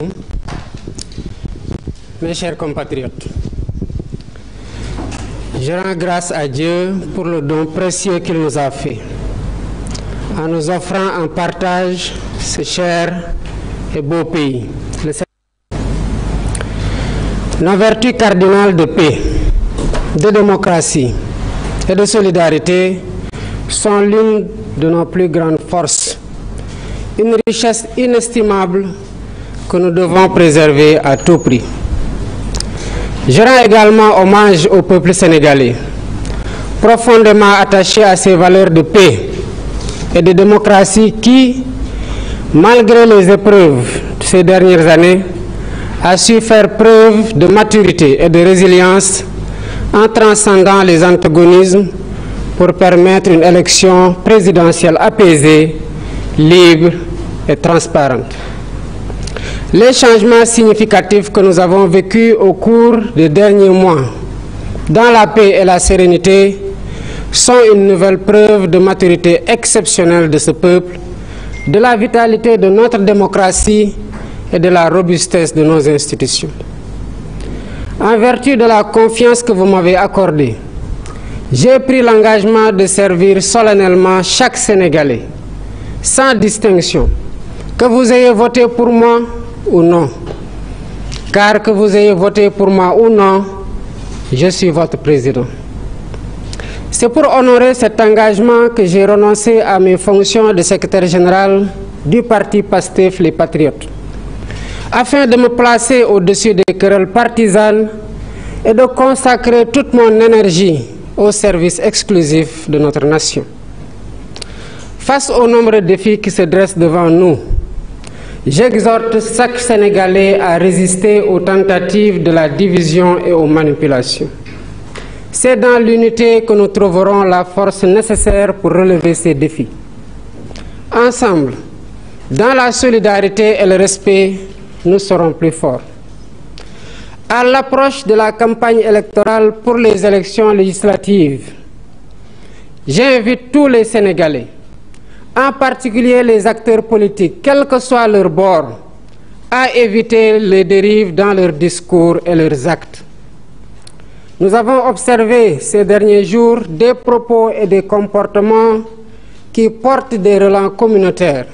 aleykum mes chers compatriotes je rends grâce à Dieu pour le don précieux qu'il nous a fait en nous offrant en partage ce cher et beau pays le nos vertus cardinales de paix de démocratie et de solidarité sont l'une de nos plus grandes forces une richesse inestimable que nous devons préserver à tout prix. Je rends également hommage au peuple sénégalais, profondément attaché à ses valeurs de paix et de démocratie qui, malgré les épreuves de ces dernières années, a su faire preuve de maturité et de résilience en transcendant les antagonismes pour permettre une élection présidentielle apaisée, libre et transparente. Les changements significatifs que nous avons vécus au cours des derniers mois dans la paix et la sérénité sont une nouvelle preuve de maturité exceptionnelle de ce peuple, de la vitalité de notre démocratie et de la robustesse de nos institutions. En vertu de la confiance que vous m'avez accordée, j'ai pris l'engagement de servir solennellement chaque Sénégalais, sans distinction, que vous ayez voté pour moi ou non. Car que vous ayez voté pour moi ou non, je suis votre président. C'est pour honorer cet engagement que j'ai renoncé à mes fonctions de secrétaire général du parti PASTEF Les Patriotes, afin de me placer au-dessus des querelles partisanes et de consacrer toute mon énergie au service exclusif de notre nation. Face au nombre de défis qui se dressent devant nous, J'exhorte chaque Sénégalais à résister aux tentatives de la division et aux manipulations. C'est dans l'unité que nous trouverons la force nécessaire pour relever ces défis. Ensemble, dans la solidarité et le respect, nous serons plus forts. À l'approche de la campagne électorale pour les élections législatives, j'invite tous les Sénégalais en particulier les acteurs politiques, quel que soit leur bord, à éviter les dérives dans leurs discours et leurs actes. Nous avons observé ces derniers jours des propos et des comportements qui portent des relents communautaires,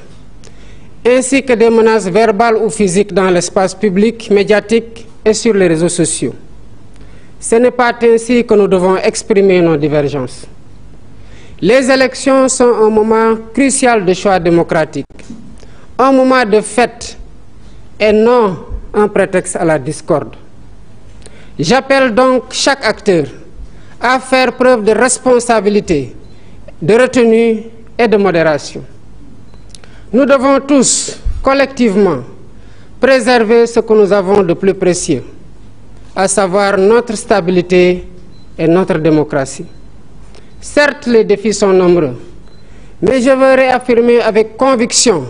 ainsi que des menaces verbales ou physiques dans l'espace public, médiatique et sur les réseaux sociaux. Ce n'est pas ainsi que nous devons exprimer nos divergences. Les élections sont un moment crucial de choix démocratique, un moment de fête et non un prétexte à la discorde. J'appelle donc chaque acteur à faire preuve de responsabilité, de retenue et de modération. Nous devons tous, collectivement, préserver ce que nous avons de plus précieux, à savoir notre stabilité et notre démocratie. Certes, les défis sont nombreux, mais je veux réaffirmer avec conviction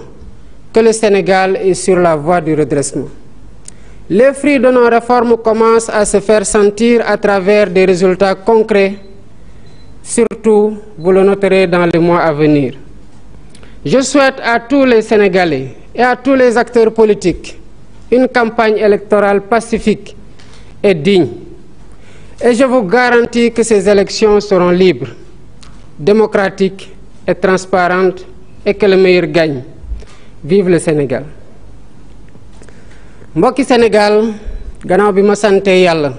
que le Sénégal est sur la voie du redressement. Les fruits de nos réformes commencent à se faire sentir à travers des résultats concrets, surtout, vous le noterez dans les mois à venir. Je souhaite à tous les Sénégalais et à tous les acteurs politiques une campagne électorale pacifique est digne. Et garanti vous garantis que ces élections seront libres, démocratiques et transparentes et que gagne. Vive le Sénégal. mbokki Sénégal gannaaw bi ma sante yàlla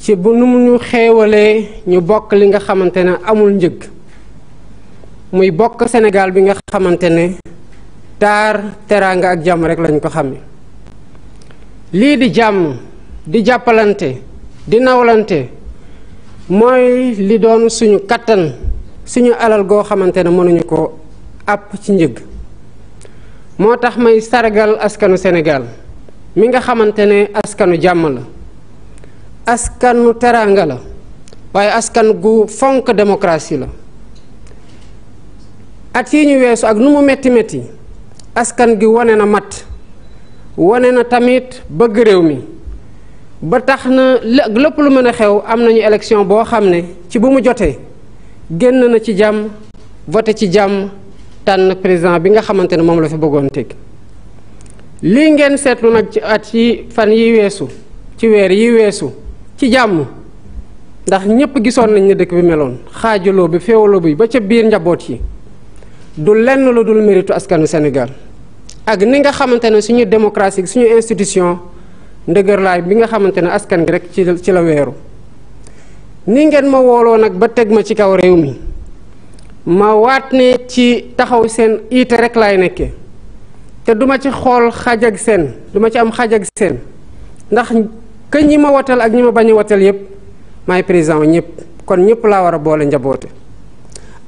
ci bu nu ñu xéewalee ñu bokk li nga xamante ne amul njëg muy bokk Sénégal bi nga xamante ne taar teraanga ak jàmm rek lañ ko xame lii di jàmm di jàppalante di nawlante mooy li doon suñu kàttan suñu alal goo xamante ne mënuñu ko àpp ci njëg moo tax may sargal askanu Sénégal mi nga xamante ne askanu jàmm la askanu teraanga la waaye askan gu fonk démocratie la at yii ñu weesu ak nu mu metti metti askan gi wane na mat wane na tamit bëgg réew mi ba tax na lëpp lu mën a xew am nañu élection boo xam ne ci bu mu jotee génn na ci jàmm voté ci jàmm tànn président bi nga xamante ne moom la fi bëggoon teg lii ngeen seetlu nag ci at yi fan yi weesu ci weer yi weesu ci jàmm ndax ñépp gisoon nañ ne dëkk bi meloon xaajaloo bi féewaloo bi ba ca biir njaboot yi du lenn lu dul méritu askanu Sénégal ak ni nga xamante ne suñu démocratie suñu institution ndëgërlaay bi nga xamante ne askan gi rek ci ci la weeru ni ngeen ma wooloo nag ba teg ma ci kaw réew mi ma waat ne ci taxaw seen iite rek laay nekke te duma ci xool xaj ak seen duma ci am xaj ak seen ndax ka ñi ma watal ak ñi ma bañ a watal yépp maay président ñépp kon ñépp laa war a boole njaboote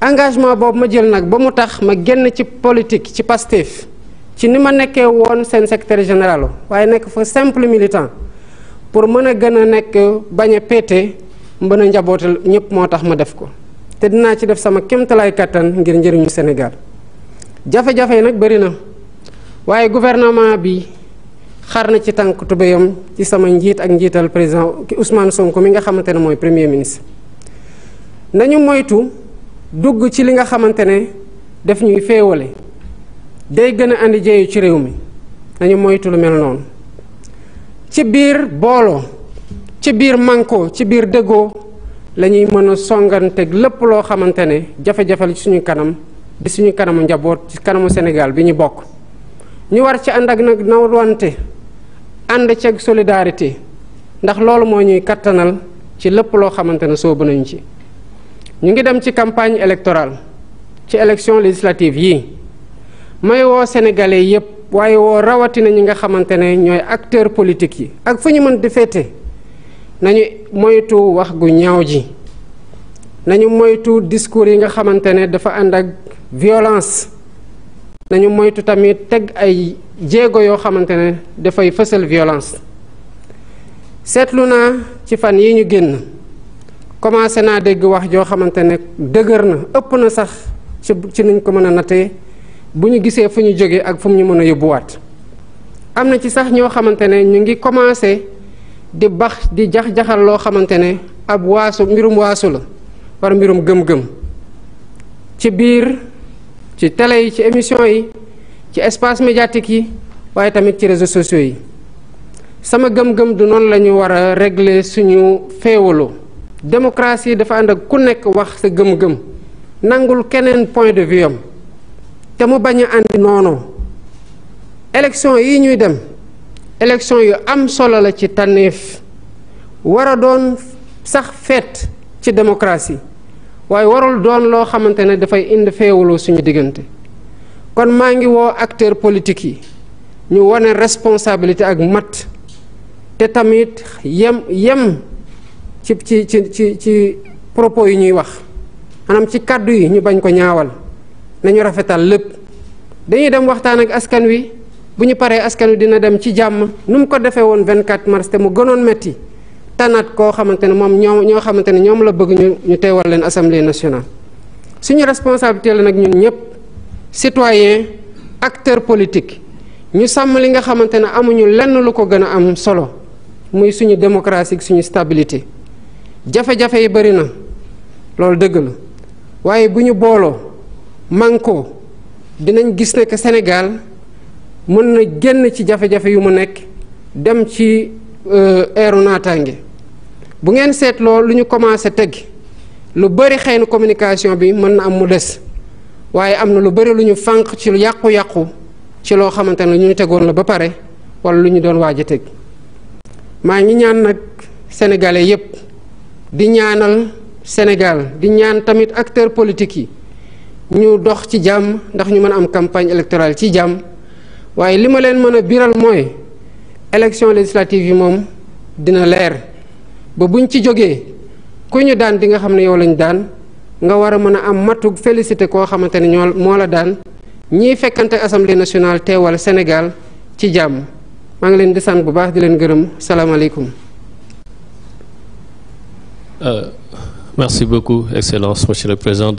engagement boobu ma jël nag ba mu tax ma génn ci politique ci Pastef ci ni ma nekkee woon seen secrétaire général waaye nekk fa simple militant pour mën a gën a nekk bañ a péete mën a njabootal ñëpp moo tax ma def ko te dinaa ci def sama kéemtalaay kattan ngir njëriñu Sénégal jafe-jafe nag bëri na waaye gouvernement bi xar na ci tànk tubéyam ci sama njiit ak njiital président Ousmane Sonko mi nga xamante ne mooy premier ministre nañu moytu dugg ci li nga xamante ne daf ñuy féewale day gën a andi jéeyu ci réew mi nañu moytu lu mel noonu ci biir booloo ci biir mànkoo ci biir dëggoo la ñuy mën a songanteeg lépp loo xamante ne jafe-jafe la ci suñu kanam di suñu kanamu njaboot ci kanamu Sénégal bi ñu bokk ñu war ci ànd ak nag nawante ànd ceeg solidarité ndax loolu moo ñuy kattanal ci lépp loo xamante ne soobu nañu ci ñu ngi dem ci campagne électorale ci élection législative yii may woo sénégalais yëpp waaye woo rawatina ñi nga xamante ne ñooy acteurs politiques yi ak fu ñu mën di nañu moytu wax gu ñaaw ji nañu moytu discours yi nga xamante ne dafa ànd ak violence nañu moytu tamit teg ay jéego yoo xamante ne dafay fësal violence seetlu naa ci fan yi ñu génn commencé naa dégg wax joo xamante ne dëgër na ëpp na sax ci ci nuñ ko mën a nattee bu ñu gisee fu ñu jógee ak fu ñu mën a yóbbuwaat am na ci sax ñoo xamante ne ñu ngi commencé di bax di jax-jaxal loo xamante ne ab waasu mbirum waasu la war mbirum gëm-gëm ci biir ci tele yi ci émission yi ci espace médiatique yi waaye tamit ci réseaux sociaux yi sama gëm-gëm du noonu la ñu war a régler suñu féewaloo démocratie dafa ànd ak ku nekk wax sa gëm-gëm nangul keneen point de vue te mu bañ a andi noonu élection yi ñuy dem élection yu am solo la ci tànneef war a doon sax feet ci démocratie waaye warul doon loo xamante ne dafay indi feewuloo suñu diggante kon maa ngi woo acteur politique yi ñu wane responsabilité ak mat te tamit yem yem ci ci ci ci ci propos yi ñuy wax maanaam ci kàddu yi ñu bañ ko ñaawal nañu rafetal lépp dañuy dem waxtaan ak askan wi bu ñu paree askan wi dina dem ci jàmm nu mu ko defee woon 24 mars te mu gënoon metti tanaat koo xamante ne moom ñoo ñoo xamante ne ñoom la bëgg ñu ñu teewal leen assemblée nationale suñu responsabilité la nag ñun ñëpp citoyen acteur politique ñu sàmm li nga xamante ne amuñu lenn lu ko gën a am solo muy suñu démocratie suñu stabilité jafe-jafe yi bëri na loolu dëgg la waaye bu ñu booloo manko dinañ gis ne que Sénégal mën na génn ci jafe-jafe yu mu nekk dem ci eeru euh, naataange bu ngeen seetloo lu ñu commencé teg lu bëri xëy na communication bi mën na am mu des waaye am na lu bëri lu ñu fànq ci lu yàqu-yàqu ci loo xamante ne ñu ñu tegoon la ba pare wala lu ñu doon waaj a teg maa ngi ñaan nag sénégalais yépp di ñaanal Sénégal di ñaan tamit acteurs politiques yi. ñu dox ci jàmm ndax ñu mën a am campagne électorale ci jàmm waaye li ma leen mën a biral mooy élection législative yi moom dina leer ba buñ ci jógee ku ñu daan di nga xam ne yow lañu daan nga war a mën a am matug félicité koo xamante ne ñoo moo la daan ñiy fekkante assemblée nationale teewal Sénégal ci jàmm maa ngi leen di sant bu baax di leen gërëm salaamaaleykum. Euh, merci beaucoup excellence monsieur le président.